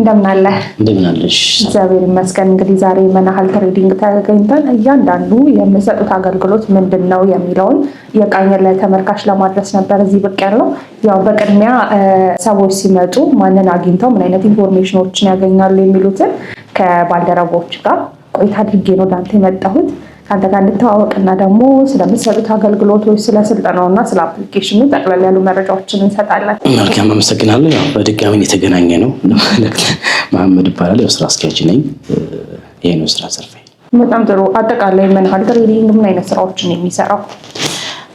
እንደምናለ እንደምናለሽ። እግዚአብሔር ይመስገን። እንግዲህ ዛሬ መናሀል ትሬዲንግ ተገኝተን እያንዳንዱ የምሰጡት አገልግሎት ምንድን ነው የሚለውን የቃኝን ለተመልካች ለማድረስ ነበር እዚህ ብቅ ያለው። ያው በቅድሚያ ሰዎች ሲመጡ ማንን አግኝተው ምን አይነት ኢንፎርሜሽኖችን ያገኛሉ የሚሉትን ከባልደረቦች ጋር ቆይታ አድርጌ ነው ወደ የመጣሁት። ከአንተ ጋር እንተዋወቅና ደግሞ ስለምትሰጡት አገልግሎቶች፣ ስለ ስልጠናውና ስለ አፕሊኬሽኑ ጠቅላላ ያሉ መረጃዎችን እንሰጣለን። መልካም አመሰግናለሁ። ያው በድጋሚ የተገናኘ ነው። ለማለት መሐመድ ይባላል። ያው ስራ አስኪያጅ ነኝ። ይህ ነው ስራ ዘርፌ። በጣም ጥሩ። አጠቃላይ ምን ያህል ትሬኒንግ፣ ምን አይነት ስራዎችን የሚሰራው?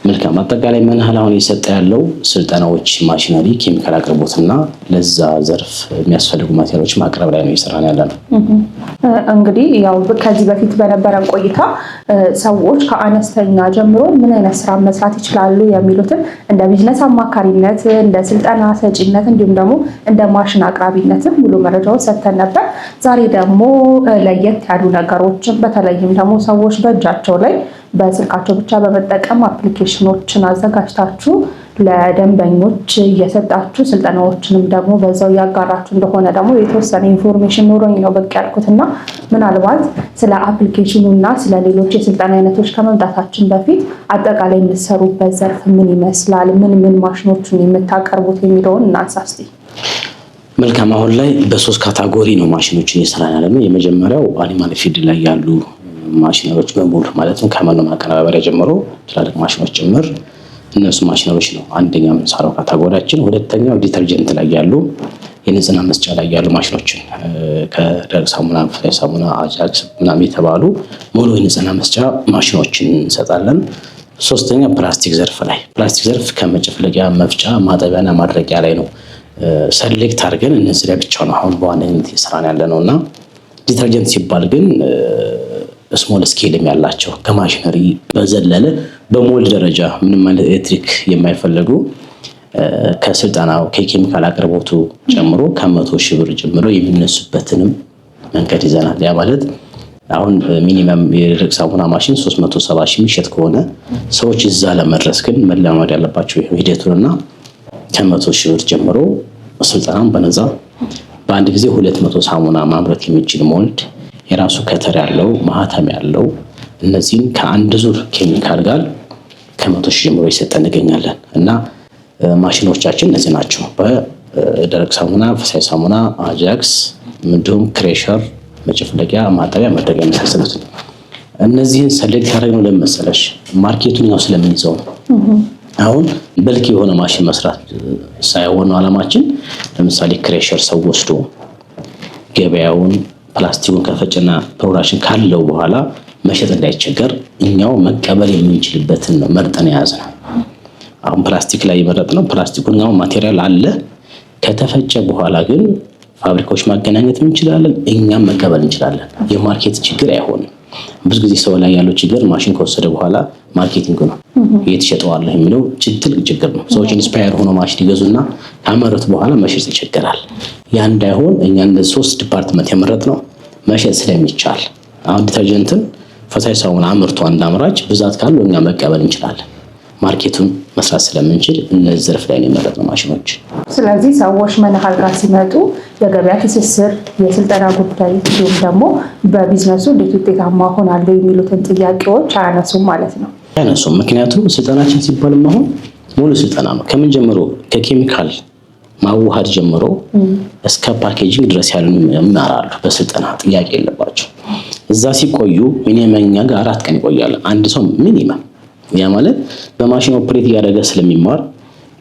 መልካም አጠቃላይ ምን ያህል አሁን እየሰጠ ያለው ስልጠናዎች፣ ማሽነሪ፣ ኬሚካል አቅርቦት አቅርቦትና ለዛ ዘርፍ የሚያስፈልጉ ማቴሪያሎች ማቅረብ ላይ ነው እየሰራን ያለ ነው። እንግዲህ ያው ከዚህ በፊት በነበረን ቆይታ ሰዎች ከአነስተኛ ጀምሮ ምን አይነት ስራ መስራት ይችላሉ የሚሉትን እንደ ቢዝነስ አማካሪነት፣ እንደ ስልጠና ሰጪነት እንዲሁም ደግሞ እንደ ማሽን አቅራቢነትም ሙሉ መረጃውን ሰጥተን ነበር። ዛሬ ደግሞ ለየት ያሉ ነገሮችን በተለይም ደግሞ ሰዎች በእጃቸው ላይ በስልካቸው ብቻ በመጠቀም አፕሊኬሽኖችን አዘጋጅታችሁ ለደንበኞች እየሰጣችሁ ስልጠናዎችንም ደግሞ በዛው እያጋራችሁ እንደሆነ ደግሞ የተወሰነ ኢንፎርሜሽን ኖሮኝ ነው ብቅ ያልኩት እና ምናልባት ስለ አፕሊኬሽኑ እና ስለ ሌሎች የስልጠና አይነቶች ከመምጣታችን በፊት አጠቃላይ የምትሰሩበት ዘርፍ ምን ይመስላል፣ ምን ምን ማሽኖችን የምታቀርቡት የሚለውን እናንሳ እስኪ። መልካም። አሁን ላይ በሶስት ካታጎሪ ነው ማሽኖችን እየሰራን የመጀመሪያው አኒማል ፊድ ላይ ያሉ ማሽነሮች በሙሉ ማለትም ከመኖ ማቀነባበሪያ ጀምሮ ትላልቅ ማሽኖች ጭምር እነሱ ማሽነሮች ነው አንደኛ የምንሰራው ካታጎሪያችን። ሁለተኛው ዲተርጀንት ላይ ያሉ የንጽህና መስጫ ላይ ያሉ ማሽኖችን ከደረቅ ሳሙና፣ ፍሬ ሳሙና፣ አጃክስ ምናምን የተባሉ ሙሉ የንጽህና መስጫ ማሽኖችን እንሰጣለን። ሶስተኛ ፕላስቲክ ዘርፍ ላይ ፕላስቲክ ዘርፍ ከመጨፍለቂያ መፍጫ፣ ማጠቢያና ማድረቂያ ላይ ነው ሰሌክት አድርገን እነዚህ ላይ ብቻ ነው አሁን በዋነኝነት እየሰራን ያለ ነው እና ዲተርጀንት ሲባል ግን ስሞል ስኬልም ያላቸው ከማሽነሪ በዘለለ በሞል ደረጃ ምንም አይነት ኤሌክትሪክ የማይፈለጉ ከስልጠናው ከኬሚካል አቅርቦቱ ጨምሮ ከመቶ ሺህ ብር ጀምሮ የሚነሱበትንም መንገድ ይዘናል። ያ ማለት አሁን ሚኒመም የደረቅ ሳሙና ማሽን 370 ሺህ የሚሸጥ ከሆነ ሰዎች እዛ ለመድረስ ግን መለማመድ ያለባቸው ሂደቱንና ከመቶ ሺህ ብር ጀምሮ ስልጠናም በነፃ በአንድ ጊዜ ሁለት መቶ ሳሙና ማምረት የሚችል ሞልድ የራሱ ከተር ያለው ማህተም ያለው እነዚህን ከአንድ ዙር ኬሚካል ጋር ከመቶ ሺህ ጀምሮ ይሰጠ እንገኛለን እና ማሽኖቻችን እነዚህ ናቸው። በደረቅ ሳሙና፣ ፈሳሽ ሳሙና፣ አጃክስ እንዲሁም ክሬሸር፣ መጨፍለቂያ፣ ማጠቢያ፣ መድረቂያ የመሳሰሉት እነዚህን ሰሌክት ያደረግነው ለምን መሰለሽ? ማርኬቱን ያው ስለምንይዘው ነው። አሁን በልክ የሆነ ማሽን መስራት ሳይሆን አላማችን፣ ለምሳሌ ክሬሸር ሰው ወስዶ ገበያውን ፕላስቲኩን ከፈጨና ፕሮዳክሽን ካለው በኋላ መሸጥ እንዳይቸገር እኛው መቀበል የምንችልበትን ነው መርጠን የያዝ ነው። አሁን ፕላስቲክ ላይ የመረጥ ነው ፕላስቲኩን ያው ማቴሪያል አለ። ከተፈጨ በኋላ ግን ፋብሪካዎች ማገናኘት እንችላለን፣ እኛም መቀበል እንችላለን። የማርኬት ችግር አይሆንም። ብዙ ጊዜ ሰው ላይ ያለው ችግር ማሽን ከወሰደ በኋላ ማርኬቲንግ ነው እየተሸጠዋለህ የሚለው ትልቅ ችግር ነው። ሰዎች ኢንስፓየር ሆኖ ማሽን ይገዙና ካመረቱ በኋላ መሸጥ ይቸገራል። ያ እንዳይሆን እኛ እንደ ሶስት ዲፓርትመንት የመረጥ ነው መሸጥ ስለሚቻል አሁን ዲተርጀንትን ፈሳሽ ሳሙና አምርቶ አንድ አምራች ብዛት ካለው እኛ መቀበል እንችላለን። ማርኬቱን መስራት ስለምንችል እነዚህ ዘርፍ ላይ የመረጥነው ማሽኖች። ስለዚህ ሰዎች መንሃል ጋር ሲመጡ የገበያ ትስስር፣ የስልጠና ጉዳይ እንዲሁም ደግሞ በቢዝነሱ እንዴት ውጤታማ ሆናለሁ የሚሉትን ጥያቄዎች አያነሱም ማለት ነው። አይነሱም። ምክንያቱም ስልጠናችን ሲባል አሁን ሙሉ ስልጠና ነው። ከምን ጀምሮ ከኬሚካል ማዋሃድ ጀምሮ እስከ ፓኬጂንግ ድረስ ያሉ ይማራሉ። በስልጠና ጥያቄ የለባቸው። እዛ ሲቆዩ ሚኒመኛ ጋር አራት ቀን ይቆያል አንድ ሰው ሚኒመም። ያ ማለት በማሽን ኦፕሬት እያደረገ ስለሚማር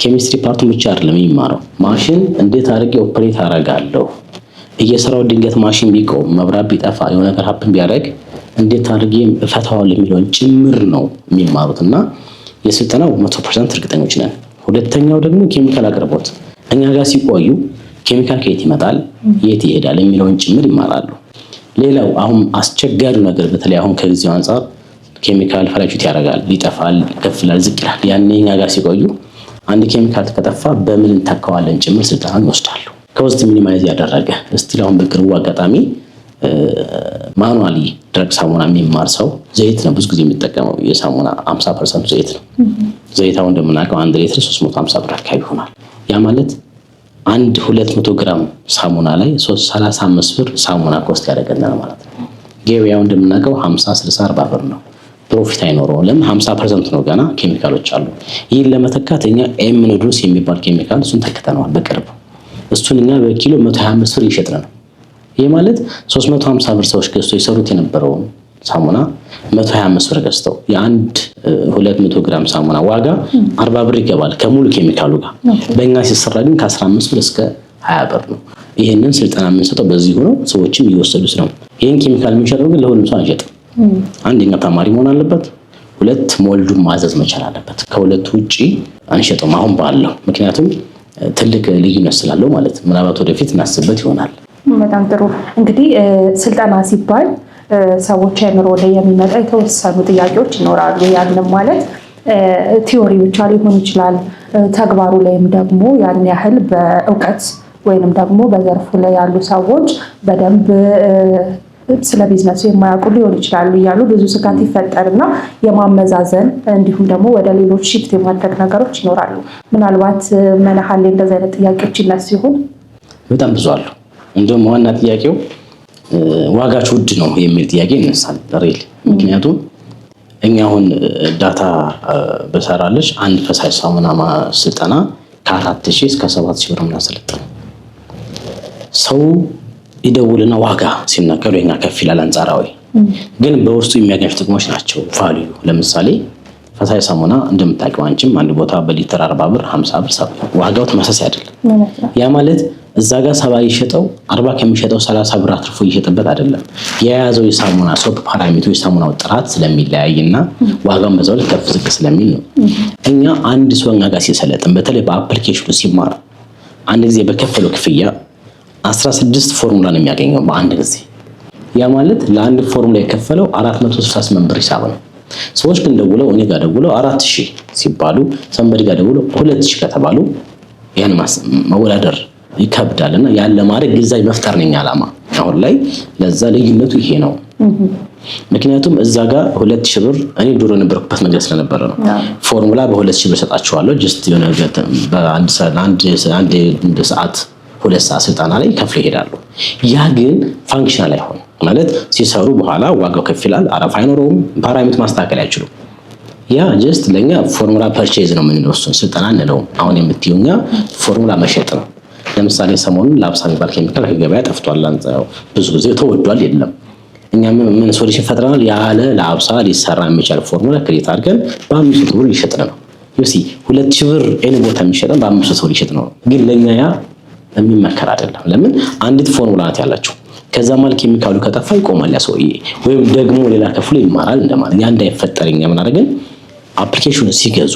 ኬሚስትሪ ፓርቱን ብቻ አይደለም የሚማረው። ማሽን እንዴት አድርጌ ኦፕሬት አደርጋለሁ እየሰራው ድንገት ማሽን ቢቆም መብራት ቢጠፋ የሆነ ነገር ሀፕን ቢያደርግ እንዴት አድርጌ እፈታዋል የሚለውን ጭምር ነው የሚማሩት እና የስልጠናው መቶ ፐርሰንት እርግጠኞች ነን። ሁለተኛው ደግሞ ኬሚካል አቅርቦት እኛ ጋር ሲቆዩ ኬሚካል ከየት ይመጣል፣ የት ይሄዳል የሚለውን ጭምር ይማራሉ። ሌላው አሁን አስቸጋሪው ነገር በተለይ አሁን ከጊዜው አንጻር ኬሚካል ፈላጅት ያደርጋል፣ ይጠፋል፣ ይከፍላል፣ ዝቅ ይላል። ያኔ እኛ ጋር ሲቆዩ አንድ ኬሚካል ከጠፋ በምን እንተካዋለን ጭምር ስልጠናን ይወስዳሉ። ከውስጥ ሚኒማይዝ ያደረገ እስቲል አሁን በቅርቡ አጋጣሚ ማኑዋሊ ደረቅ ሳሙና የሚማር ሰው ዘይት ነው ብዙ ጊዜ የሚጠቀመው። የሳሙና 50 ፐርሰንቱ ዘይት ነው። ዘይታው እንደምናውቀው አንድ ሌትር 350 ብር አካባቢ ይሆናል። ያ ማለት አንድ 200 ግራም ሳሙና ላይ 35 ብር ሳሙና ኮስት ያደረገናል ማለት ነው። ገበያው እንደምናውቀው 50፣ 60፣ 40 ብር ነው። ፕሮፊት አይኖረውም ለምን 50 ፐርሰንት ነው ገና ኬሚካሎች አሉ። ይህን ለመተካት እኛ ኤምኖዶስ የሚባል ኬሚካል እሱን ተክተነዋል በቅርብ እሱን እኛ በኪሎ 125 ብር እየሸጥን ነው ይህ ማለት 350 ብር ሰዎች ገዝተው ይሰሩት የነበረውን ሳሙና 125 ብር ገዝተው የአንድ 200 ግራም ሳሙና ዋጋ 40 ብር ይገባል ከሙሉ ኬሚካሉ ጋር። በእኛ ሲሰራ ግን ከ15 ብር እስከ 20 ብር ነው። ይህንን ስልጠና የምንሰጠው በዚህ ሆኖ ሰዎችም እየወሰዱት ነው። ይህን ኬሚካል የሚሸጠው ግን ለሁሉም ሰው አንሸጥም። አንደኛ ተማሪ መሆን አለበት። ሁለት ሞልዱን ማዘዝ መቻል አለበት። ከሁለቱ ውጭ አንሸጠውም አሁን ባለው ምክንያቱም ትልቅ ልዩነት ስላለው ማለት ምናልባት ወደፊት እናስብበት ይሆናል። በጣም ጥሩ። እንግዲህ ስልጠና ሲባል ሰዎች አእምሮ ላይ የሚመጣ የተወሰኑ ጥያቄዎች ይኖራሉ። ያንም ማለት ቲዮሪ ብቻ ሊሆን ይችላል። ተግባሩ ላይም ደግሞ ያን ያህል በእውቀት ወይንም ደግሞ በዘርፉ ላይ ያሉ ሰዎች በደንብ ስለ ቢዝነሱ የማያውቁ ሊሆን ይችላሉ እያሉ ብዙ ስጋት ይፈጠርና የማመዛዘን እንዲሁም ደግሞ ወደ ሌሎች ሽፍት የማድረግ ነገሮች ይኖራሉ። ምናልባት መናሀሌ እንደዚህ አይነት ጥያቄዎች ይነሱ ይሆን? በጣም ብዙ አሉ። እንደውም ዋና ጥያቄው ዋጋች ውድ ነው የሚል ጥያቄ ይነሳል። ሬል ምክንያቱም እኛ አሁን ዳታ በሰራለች አንድ ፈሳሽ ሳሙና ስልጠና ከአራት ሺህ እስከ ሰባት ሺህ ብር ምናሰለጥነ ሰው ይደውልና ዋጋ ሲናገሩ የኛ ከፍ ይላል። አንጻራዊ ግን በውስጡ የሚያገኝ ጥቅሞች ናቸው ቫልዩ። ለምሳሌ ፈሳሽ ሳሙና እንደምታውቂው አንቺም አንድ ቦታ በሊትር አርባ ብር ሀምሳ ብር ዋጋው ተመሳሳይ አይደለም። ያ ማለት እዛ ጋር ሰባ ይሸጠው አርባ ከሚሸጠው ሰላሳ ብር አትርፎ እየሸጠበት አይደለም። የያዘው የሳሙና ሶፕ ፓራሜትሩ የሳሙናው ጥራት ስለሚለያይ እና ዋጋውን በዛው ልክ ከፍ ዝቅ ስለሚል ነው። እኛ አንድ ሰው እኛ ጋር ሲሰለጥን በተለይ በአፕሊኬሽኑ ሲማር አንድ ጊዜ በከፈለው ክፍያ አስራ ስድስት ፎርሙላ ነው የሚያገኘው በአንድ ጊዜ። ያ ማለት ለአንድ ፎርሙላ የከፈለው አራት መቶ ስልሳ ስምንት ብር ሂሳብ ነው። ሰዎች ግን ደውለው እኔ ጋር ደውለው አራት ሺህ ሲባሉ ሰንበድ ጋር ደውለው ሁለት ሺህ ከተባሉ ያን መወዳደር ይከብዳል እና ያን ለማድረግ ግንዛቤ መፍጠር ነኝ አላማ አሁን ላይ ለዛ ልዩነቱ ይሄ ነው። ምክንያቱም እዛ ጋር ሁለት ሺህ ብር እኔ ድሮ የነበርኩበት መንገድ ስለነበረ ነው። ፎርሙላ በሁለት ሺህ ብር ሰጣችኋለሁ። ጀስት የሆነ በአንድ ሰዓት ሁለት ሰዓት ስልጠና ላይ ከፍሎ ይሄዳሉ። ያ ግን ፋንክሽናል አይሆን ማለት ሲሰሩ በኋላ ዋጋው ከፍ ይላል። አረፍ አይኖረውም። ፓራሚት ማስተካከል አይችሉም። ያ ጀስት ለእኛ ፎርሙላ ፐርቼዝ ነው የምንለው እሱን ስልጠና እንለውም። አሁን የምትዩኛ ፎርሙላ መሸጥ ነው ለምሳሌ ሰሞኑን ላብሳ የሚባል ኬሚካል ከገበያ ጠፍቷል። አንጻው ብዙ ጊዜ ተወዷል፣ የለም እኛ ምን ሶሉሽን ፈጥረናል? ያለ ላብሳ ሊሰራ የሚቻል ፎርሙላ ክሬት አድርገን በአምስት መቶ ብር ይሸጥ ነው። ዩሲ ሁለት ሺህ ብር ኤኒ ቦታ የሚሸጠን በአምስት መቶ ብር ነው። ግን ለእኛ ያ የሚመከር አይደለም። ለምን አንዲት ፎርሙላ ናት ያላቸው ከዛ ማል ኬሚካሉ ከጠፋ ይቆማል ያ ሰውዬ፣ ወይም ደግሞ ሌላ ከፍሎ ይማራል እንደማለት። ያ እንዳይፈጠር እኛ ምን አደረግን? አፕሊኬሽኑ ሲገዙ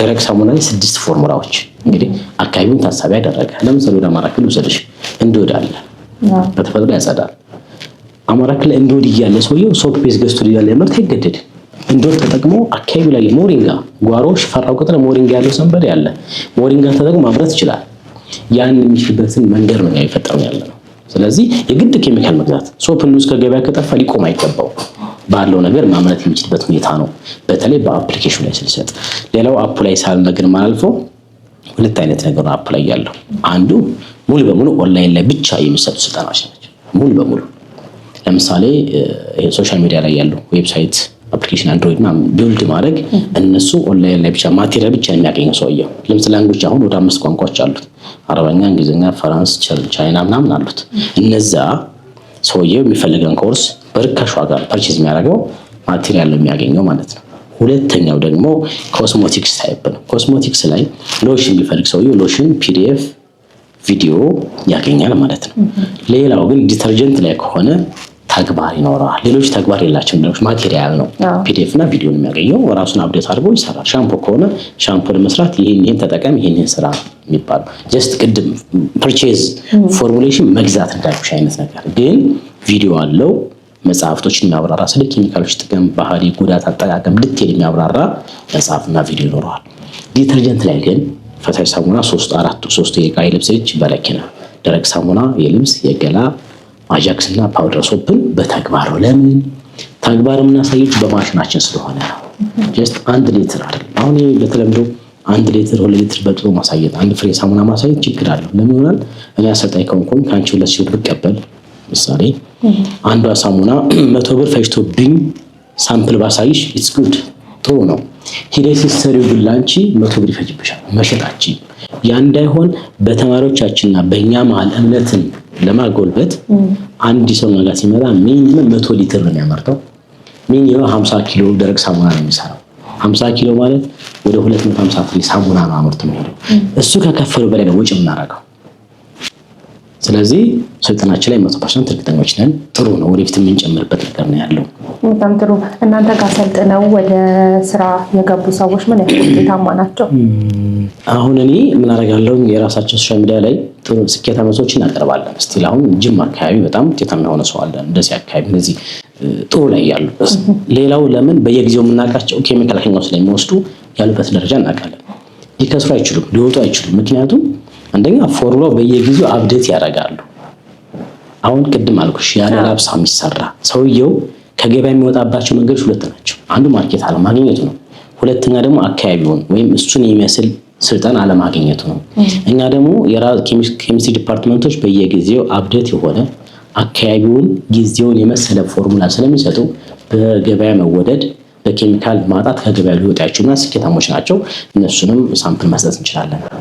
ደረቅ ሳሙና ላይ ስድስት ፎርሙላዎች እንግዲህ አካባቢውን ታሳቢ ያደረገ ለምሳሌ ወደ አማራ ክልል ውሰድሽ እንዶድ አለ በተፈጥሮ ያጸዳል። አማራ ክልል እንዶድ እያለ ሰውየው ሶፕ ቤዝ ገዝቶ እያለ ምርት አይገደድ እንዶድ ተጠቅሞ አካባቢ ላይ ሞሪንጋ ጓሮ ሽፈራው ቁጥር ሞሪንጋ ያለው ሰንበድ ያለ ሞሪንጋ ተጠቅሞ ማምረት ይችላል። ያን የሚችልበትን መንገድ ነው የሚፈጠሩ ያለ ነው። ስለዚህ የግድ ኬሚካል መግዛት ሶፕ ንስ ከገበያ ከጠፋ ሊቆም አይገባው ባለው ነገር ማምረት የሚችልበት ሁኔታ ነው። በተለይ በአፕሊኬሽን ላይ ስንሰጥ። ሌላው አፕ ላይ ሳልነግር ማላልፈው ሁለት አይነት ነገር ነው አፕ ላይ ያለው። አንዱ ሙሉ በሙሉ ኦንላይን ላይ ብቻ የሚሰጡ ስልጠናዎች ናቸው። ሙሉ በሙሉ ለምሳሌ ሶሻል ሚዲያ ላይ ያሉ ዌብሳይት፣ አፕሊኬሽን፣ አንድሮይድ ቢውልድ ማድረግ እነሱ ኦንላይን ላይ ብቻ ማቴሪያል ብቻ የሚያገኘው ሰውየው። ለምሳሌ ላንጎች አሁን ወደ አምስት ቋንቋዎች አሉት። አረበኛ፣ እንግሊዝኛ፣ ፈረንስ፣ ቻይና ምናምን አሉት። እነዛ ሰውየው የሚፈልገን ኮርስ በርካሽ ዋጋ ፐርቼዝ የሚያደርገው ማቴሪያል ነው የሚያገኘው ማለት ነው። ሁለተኛው ደግሞ ኮስሞቲክስ ታይፕ ነው። ኮስሞቲክስ ላይ ሎሽን የሚፈልግ ሰውዬው ሎሽን ፒዲኤፍ ቪዲዮ ያገኛል ማለት ነው። ሌላው ግን ዲተርጀንት ላይ ከሆነ ተግባር ይኖረዋል። ሌሎች ተግባር የላቸው ሌሎች ማቴሪያል ነው። ፒዲኤፍ እና ቪዲዮን የሚያገኘው ራሱን አብዴት አድርጎ ይሰራል። ሻምፖ ከሆነ ሻምፖ ለመስራት ይህን ይህን ተጠቀም ይህንን ስራ የሚባለው ጀስት ቅድም ፐርቼዝ ፎርሙሌሽን መግዛት እንዳልኩሽ አይነት ነገር ግን ቪዲዮ አለው መጽሐፍቶችን የሚያብራራ ስለ ኬሚካሎች ጥቅም፣ ባህሪ፣ ጉዳት፣ አጠቃቀም ልትል የሚያብራራ መጽሐፍና ቪዲዮ ይኖረዋል። ዲተርጀንት ላይ ግን ፈሳሽ ሳሙና ሶስት አራት ሶስት የቃ የልብስ እጅ በረኪና ደረቅ ሳሙና የልብስ የገላ አጃክስ እና ፓውደር ሶፕን በተግባር ለምን ተግባር የምናሳየች በማሽናችን ስለሆነ ነው። ጀስት አንድ ሌትር አይደለም። አሁን በተለምዶ አንድ ሌትር ሁለት ሌትር በጥሎ ማሳየት አንድ ፍሬ ሳሙና ማሳየት ችግር አለው። ለምን ይሆናል? እኔ አሰልጣኝ ከሆንኩኝ ከአንቺ ሁለት ሲሆን ብቀበል ምሳሌ አንዷ ሳሙና መቶ ብር ፈጅቶብኝ ሳምፕል ባሳይሽ ኢትስ ጉድ ጥሩ ነው። ሂደት ሲሰሪው ግን ላንቺ መቶ ብር ይፈጅብሻል። መሸጣችን ያ እንዳይሆን በተማሪዎቻችንና በእኛ መሀል እምነትን ለማጎልበት አንድ ሰው ጋር ሲመጣ ሚኒመም መቶ ሊትር ነው የሚያመርተው። ሚኒመም ሀምሳ ኪሎ ደረቅ ሳሙና ነው የሚሰራው። ሀምሳ ኪሎ ማለት ወደ ሁለት መቶ ሀምሳ ፍሬ ሳሙና ነው አምርቶ የሚሄደው። እሱ ከከፈሉ በላይ ነው ወጪ የምናደርገው። ስለዚህ ስልጠናችን ላይ መቶ ፐርሰንት እርግጠኞች ነን። ጥሩ ነው፣ ወደፊት የምንጨምርበት ነገር ነው ያለው። በጣም ጥሩ። እናንተ ጋር ሰልጥነው ወደ ስራ የገቡ ሰዎች ምን ያህል ውጤታማ ናቸው? አሁን እኔ ምን አደርጋለሁ፣ የራሳችን ሶሻል ሚዲያ ላይ ጥሩ ስኬታማ ሰዎችን እናቀርባለን። ስቲል አሁን ጅም አካባቢ በጣም ውጤታማ የሆነ ሰው አለን። እንደዚህ አካባቢ እነዚህ ጥሩ ላይ ያሉ። ሌላው ለምን በየጊዜው የምናውቃቸው ኬሚካል ከኛው ስለሚወስዱ ያሉበት ደረጃ እናውቃለን። ሊከስሩ አይችሉም፣ ሊወጡ አይችሉም። ምክንያቱም አንደኛ ፎርሎ በየጊዜው አብዴት ያደርጋሉ። አሁን ቅድም አልኩሽ ያለ ላብሳ የሚሰራ ሰውየው ከገበያ የሚወጣባቸው መንገዶች ሁለት ናቸው። አንዱ ማርኬት አለማግኘቱ ነው። ሁለተኛ ደግሞ አካባቢውን ወይም እሱን የሚመስል ስልጠና አለማግኘቱ ነው። እኛ ደግሞ ኬሚስትሪ ዲፓርትመንቶች በየጊዜው አብዴት የሆነ አካባቢውን ጊዜውን የመሰለ ፎርሙላ ስለሚሰጡ በገበያ መወደድ በኬሚካል ማጣት ከገበያ ሊወጣ ያችሁና ስኬታሞች ናቸው። እነሱንም ሳምፕል መስጠት እንችላለን።